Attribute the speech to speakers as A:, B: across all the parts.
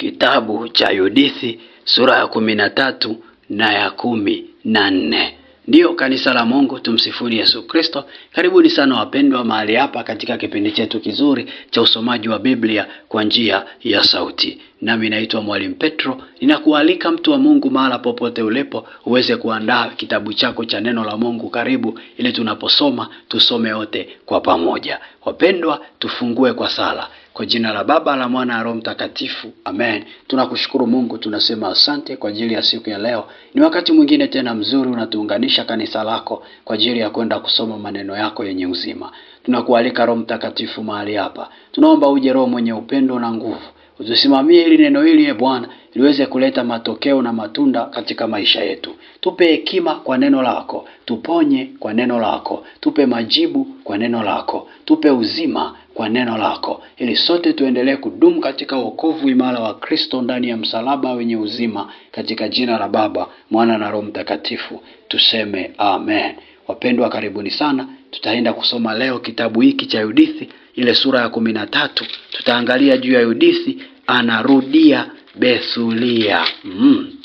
A: Kitabu cha Yudithi sura ya kumi na tatu na ya kumi na nne. Ndiyo kanisa la Mungu, tumsifuni Yesu Kristo. Karibuni sana wapendwa mahali hapa katika kipindi chetu kizuri cha usomaji wa Biblia kwa njia ya sauti. Nami naitwa Mwalimu Petro, ninakualika mtu wa Mungu mahala popote ulipo uweze kuandaa kitabu chako cha neno la Mungu. Karibu ili tunaposoma tusome wote kwa pamoja. Wapendwa, tufungue kwa sala. Kwa jina la Baba la Mwana na Roho Mtakatifu, amen. Tunakushukuru Mungu, tunasema asante kwa ajili ya siku ya leo. Ni wakati mwingine tena mzuri unatuunganisha kanisa lako kwa ajili ya kwenda kusoma maneno yako yenye uzima. Tunakualika Roho Mtakatifu mahali hapa, tunaomba uje, Roho mwenye upendo na nguvu, utusimamie ili neno hili, e Bwana, liweze kuleta matokeo na matunda katika maisha yetu. Tupe hekima kwa neno lako, tuponye kwa neno lako, tupe majibu kwa neno lako, tupe uzima kwa neno lako, ili sote tuendelee kudumu katika wokovu imara wa Kristo ndani ya msalaba wenye uzima, katika jina la Baba, Mwana na Roho Mtakatifu tuseme amen. Wapendwa, karibuni sana. Tutaenda kusoma leo kitabu hiki cha Yudithi, ile sura ya kumi na tatu. Tutaangalia juu ya Yudithi anarudia Bethulia. Mm.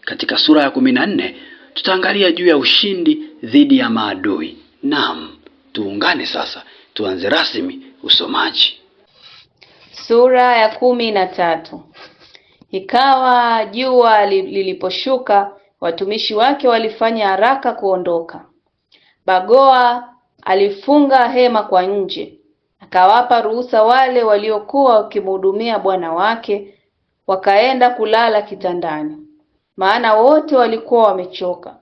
A: Katika sura ya kumi na nne tutaangalia juu ya ushindi dhidi ya maadui. Naam, tuungane sasa, tuanze rasmi usomaji. Sura ya kumi na tatu. Ikawa jua liliposhuka, watumishi wake walifanya haraka kuondoka. Bagoa alifunga hema kwa nje, akawapa ruhusa wale waliokuwa wakimhudumia bwana wake wakaenda kulala kitandani, maana wote walikuwa wamechoka,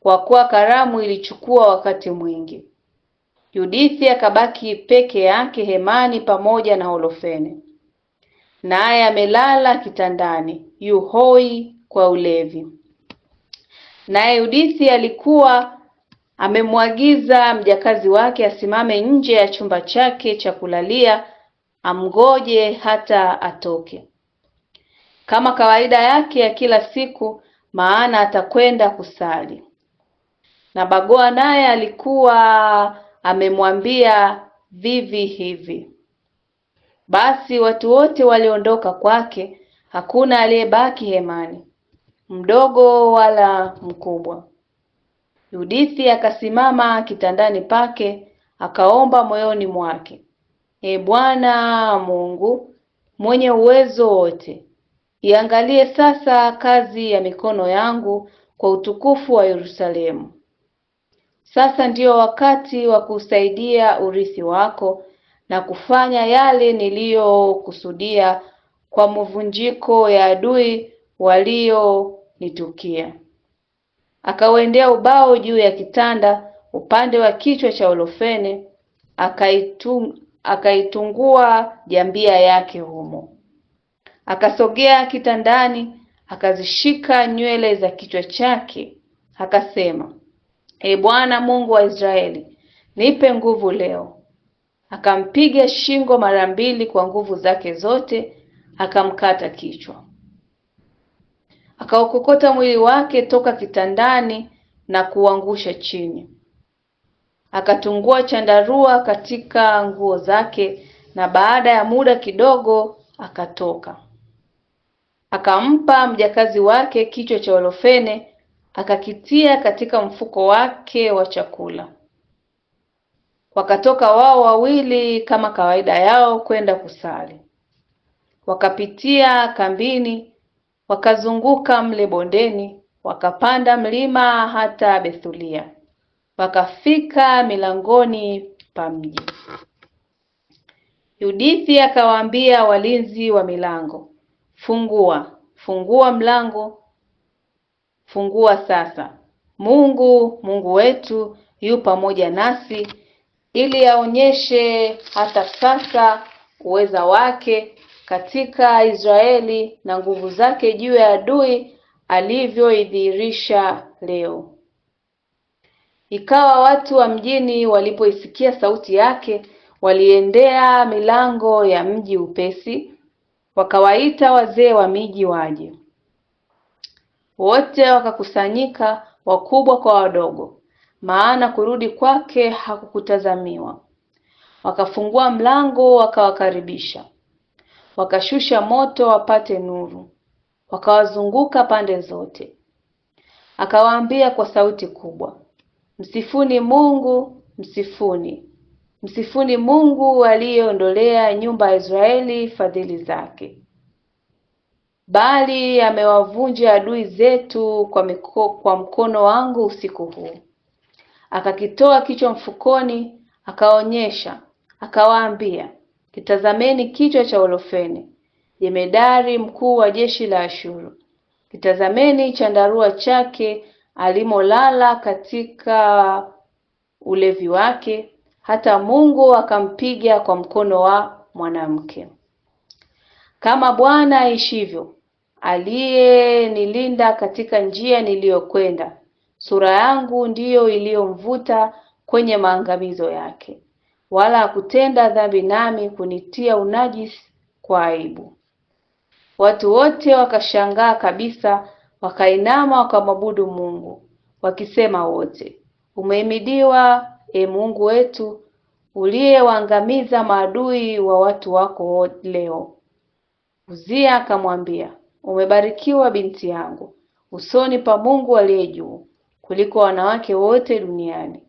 A: kwa kuwa karamu ilichukua wakati mwingi. Yudithi akabaki peke yake hemani pamoja na holofene naye amelala kitandani, yuhoi kwa ulevi. Naye Yudithi alikuwa amemwagiza mjakazi wake asimame nje ya chumba chake cha kulalia amgoje hata atoke kama kawaida yake ya kila siku, maana atakwenda kusali. Na Bagoa naye alikuwa amemwambia vivi hivi. Basi watu wote waliondoka kwake, hakuna aliyebaki hemani, mdogo wala mkubwa. Yudithi akasimama kitandani pake, akaomba moyoni mwake, E Bwana Mungu mwenye uwezo wote Iangalie sasa kazi ya mikono yangu kwa utukufu wa Yerusalemu. Sasa ndiyo wakati wa kusaidia urithi wako na kufanya yale niliyokusudia kwa mvunjiko ya adui walionitukia. Akauendea ubao juu ya kitanda upande wa kichwa cha Olofene, akaitungua jambia yake humo. Akasogea kitandani, akazishika nywele za kichwa chake, akasema, E Bwana Mungu wa Israeli, nipe nguvu leo. Akampiga shingo mara mbili kwa nguvu zake zote, akamkata kichwa. akaokokota mwili wake toka kitandani na kuangusha chini. Akatungua chandarua katika nguo zake, na baada ya muda kidogo akatoka akampa mjakazi wake kichwa cha olofene akakitia katika mfuko wake wa chakula. Wakatoka wao wawili kama kawaida yao kwenda kusali. Wakapitia kambini, wakazunguka mle bondeni, wakapanda mlima hata Bethulia, wakafika milangoni pa mji. Yudithi akawaambia walinzi wa milango, fungua. Fungua mlango, fungua sasa. Mungu, Mungu wetu yu pamoja nasi ili aonyeshe hata sasa uweza wake katika Israeli na nguvu zake juu ya adui alivyoidhihirisha leo. Ikawa watu wa mjini walipoisikia sauti yake, waliendea milango ya mji upesi, wakawaita wazee wa miji waje. Wote wakakusanyika, wakubwa kwa wadogo, maana kurudi kwake hakukutazamiwa. Wakafungua mlango, wakawakaribisha, wakashusha moto wapate nuru, wakawazunguka pande zote. Akawaambia kwa sauti kubwa, msifuni Mungu, msifuni Msifuni Mungu aliyeondolea nyumba ya Israeli fadhili zake, bali amewavunja adui zetu kwa miko, kwa mkono wangu usiku huu. Akakitoa kichwa mfukoni, akaonyesha, akawaambia, kitazameni kichwa cha Olofeni, jemedari mkuu wa jeshi la Ashuru. Kitazameni chandarua chake alimolala katika ulevi wake hata Mungu akampiga kwa mkono wa mwanamke. Kama Bwana aishivyo, aliyenilinda katika njia niliyokwenda, sura yangu ndiyo iliyomvuta kwenye maangamizo yake, wala hakutenda dhambi nami kunitia unajisi kwa aibu. Watu wote wakashangaa kabisa, wakainama wakamwabudu Mungu wakisema wote, umehimidiwa e Mungu wetu uliyewaangamiza maadui wa watu wako leo. Uzia akamwambia, umebarikiwa binti yangu usoni pa Mungu aliye juu kuliko wanawake wote duniani.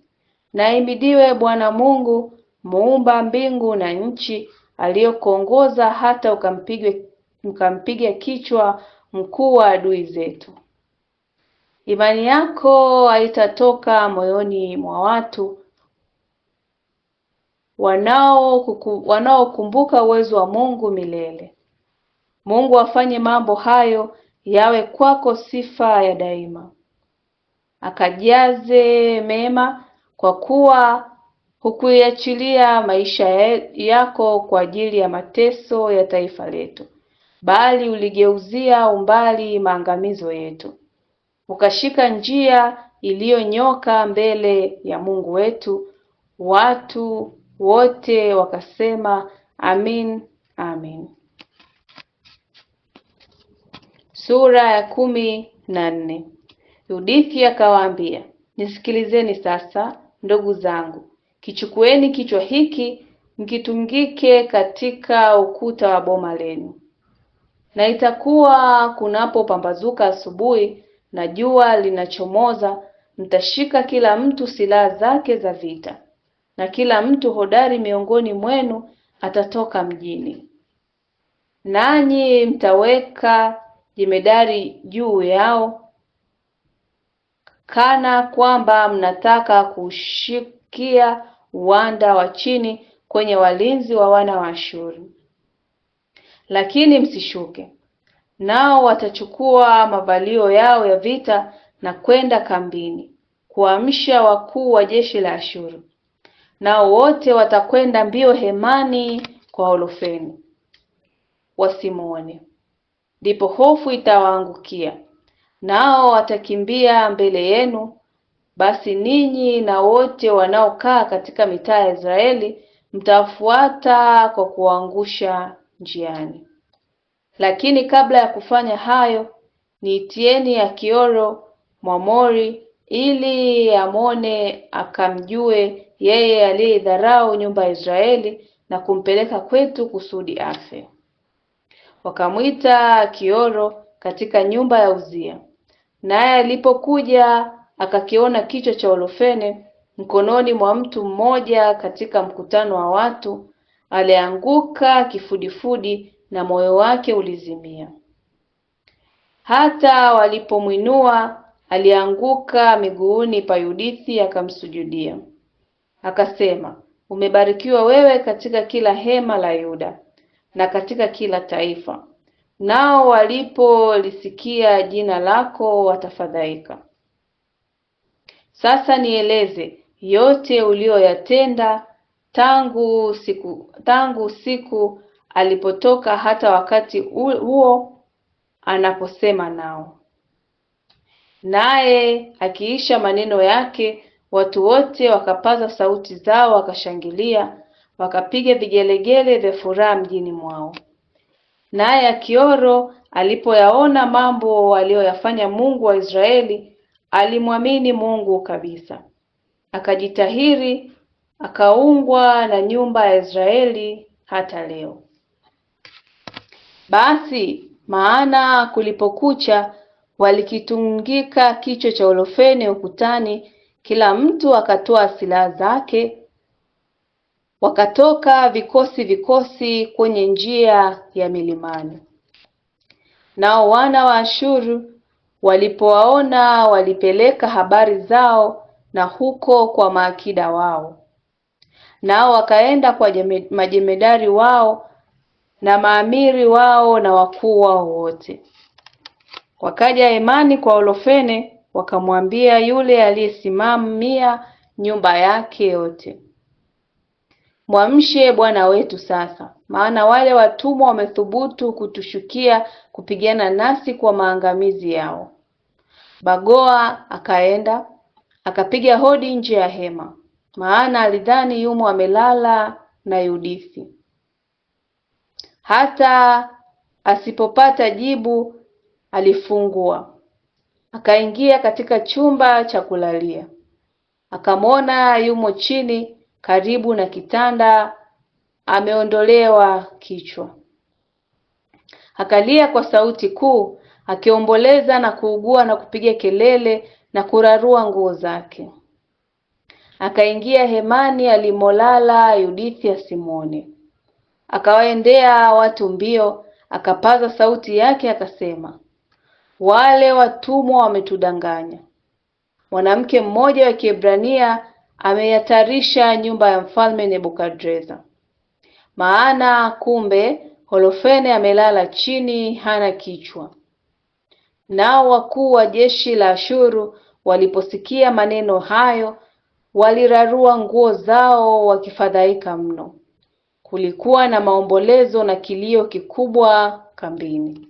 A: Na imidiwe Bwana Mungu muumba mbingu na nchi, aliyokuongoza hata ukampige ukampiga kichwa mkuu wa adui zetu. Imani yako haitatoka moyoni mwa watu, wanaokumbuka uwezo wa Mungu milele. Mungu afanye mambo hayo yawe kwako sifa ya daima, akajaze mema, kwa kuwa hukuiachilia maisha yako kwa ajili ya mateso ya taifa letu, bali uligeuzia umbali maangamizo yetu, ukashika njia iliyonyoka mbele ya Mungu wetu watu wote wakasema amin, amin. Sura ya kumi na nne. Yudithi akawaambia, nisikilizeni sasa ndugu zangu, kichukueni kichwa hiki mkitungike katika ukuta wa boma lenu, na itakuwa kunapopambazuka asubuhi na jua linachomoza, mtashika kila mtu silaha zake za vita na kila mtu hodari miongoni mwenu atatoka mjini, nanyi mtaweka jemedari juu yao, kana kwamba mnataka kushikia uwanda wa chini kwenye walinzi wa wana wa Ashuru. Lakini msishuke, nao watachukua mavalio yao ya vita na kwenda kambini kuamsha wakuu wa jeshi la Ashuru nao wote watakwenda mbio hemani kwa Olofeni, wasimwone. Ndipo hofu itawaangukia, nao watakimbia mbele yenu. Basi ninyi na wote wanaokaa katika mitaa ya Israeli mtafuata kwa kuangusha njiani. Lakini kabla ya kufanya hayo, niitieni Akioro Mwamori ili amwone akamjue yeye aliyeidharau nyumba ya Israeli na kumpeleka kwetu kusudi afe. Wakamwita kioro katika nyumba ya Uzia, naye alipokuja akakiona kichwa cha Olofene mkononi mwa mtu mmoja katika mkutano wa watu, alianguka kifudifudi na moyo wake ulizimia. Hata walipomwinua Alianguka miguuni pa Yudithi akamsujudia. Akasema, umebarikiwa wewe katika kila hema la Yuda na katika kila taifa, nao walipolisikia jina lako watafadhaika. Sasa nieleze yote uliyoyatenda tangu siku tangu siku alipotoka hata wakati huo anaposema nao naye akiisha maneno yake watu wote wakapaza sauti zao, wakashangilia, wakapiga vigelegele vya furaha mjini mwao. Naye Akioro alipoyaona mambo aliyoyafanya Mungu wa Israeli, alimwamini Mungu kabisa, akajitahiri, akaungwa na nyumba ya Israeli hata leo. Basi maana kulipokucha walikitungika kichwa cha Olofene ukutani, kila mtu akatoa silaha zake. Wakatoka vikosi vikosi kwenye njia ya milimani. Nao wana wa Ashuru walipowaona walipeleka habari zao na huko kwa maakida wao, nao wakaenda kwa majemedari wao na maamiri wao na wakuu wao wote. Wakaja hemani kwa Olofene, wakamwambia yule aliyesimamia nyumba yake yote, mwamshe bwana wetu sasa, maana wale watumwa wamethubutu kutushukia kupigana nasi kwa maangamizi yao. Bagoa akaenda akapiga hodi nje ya hema, maana alidhani yumo amelala na Yudithi. Hata asipopata jibu alifungua, akaingia katika chumba cha kulalia, akamwona yumo chini karibu na kitanda, ameondolewa kichwa. Akalia kwa sauti kuu, akiomboleza na kuugua na kupiga kelele na kurarua nguo zake. Akaingia hemani alimolala Yudithi simone Akawaendea watu mbio, akapaza sauti yake akasema, wale watumwa wametudanganya. Mwanamke mmoja wa Kiebrania ameyatarisha nyumba ya mfalme Nebukadreza, maana kumbe Holofene amelala chini, hana kichwa. Nao wakuu wa jeshi la Ashuru waliposikia maneno hayo, walirarua nguo zao wakifadhaika mno. Kulikuwa na maombolezo na kilio kikubwa kambini.